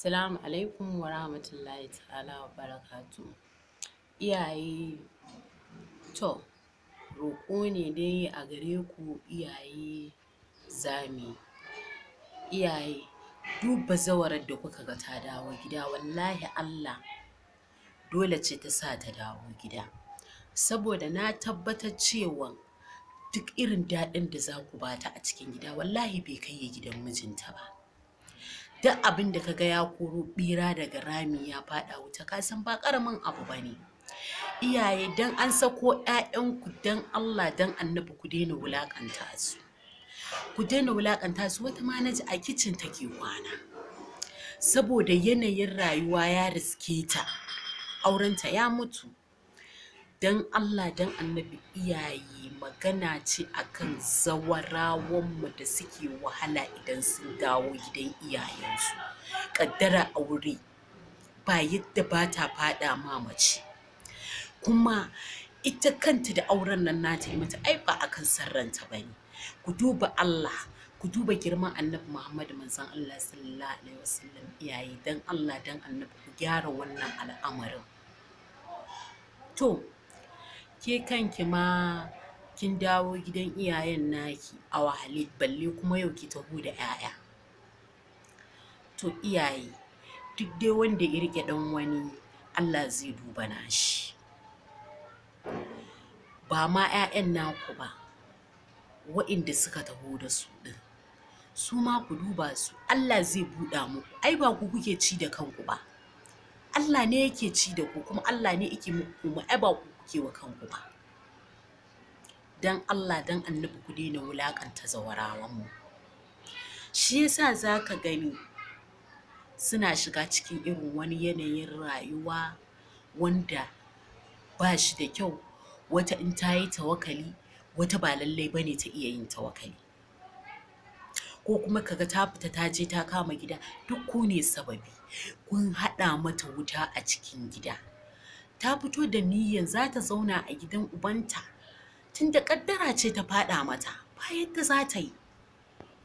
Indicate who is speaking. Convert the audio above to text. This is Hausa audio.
Speaker 1: Assalamu alaikum wa rahmatullahi ta'ala wa barakatu. Iyaye to roƙo ne dai a gare ku iyaye zami. Iyaye duk bazawar da kuka ga ta dawo gida wallahi Allah dole ce ta sa ta dawo gida. Saboda na tabbatar cewa duk irin daɗin da za ku bata a cikin gida wallahi bai kai gidan mijinta ba. duk abin da ka ga ya koro bira daga rami ya faɗa wuta ka san ba karamin abu ba ne iyaye dan an sako ku dan Allah dan annabi ku daina wulakanta su ku daina wulakanta su wata manaji a kicin take kwana saboda yanayin rayuwa ya riske ta aurenta ya mutu dan Allah dan annabi iyaye magana ce akan zawarawanmu da suke wahala idan sun dawo gidan iyayensu ƙaddara aure ba yadda ba ta faɗa ma mace kuma ita kanta da auren nan nata yi mata ai ba akan sarranta ba ne ku duba Allah ku duba girman annabi Muhammadu manzon Allah sallallahu alaihi wasallam iyaye dan Allah dan annabi ku gyara wannan al'amarin to ke kanki ma kin dawo gidan iyayen naki a wahale balle kuma yau ki taho da 'ya'ya to iyaye duk dai wanda ya rike ɗan wani Allah zai duba nashi ba ma 'ya'yan naku ba wa'inda suka taho da su ɗin su ma ku duba su Allah zai buɗa muku ai ba ku kuke ci da kanku ba Allah ne yake ci da ku kuma Allah ne yake muku kuma ku ke wa kanku ba dan Allah dan annabi ku daina wulakanta zawarawan mu shi yasa zaka gani suna shiga cikin irin wani yanayin rayuwa wanda ba shi da kyau wata in ta yi tawakali wata ba lallai bane ta iya yin tawakali ko kuma kaga ta fita ta je ta kama gida duk ku ne sababi kun haɗa mata wuta a cikin gida ta fito da niyyan za ta zauna a gidan ubanta tunda ƙaddara ce ta faɗa mata ba yadda za ta yi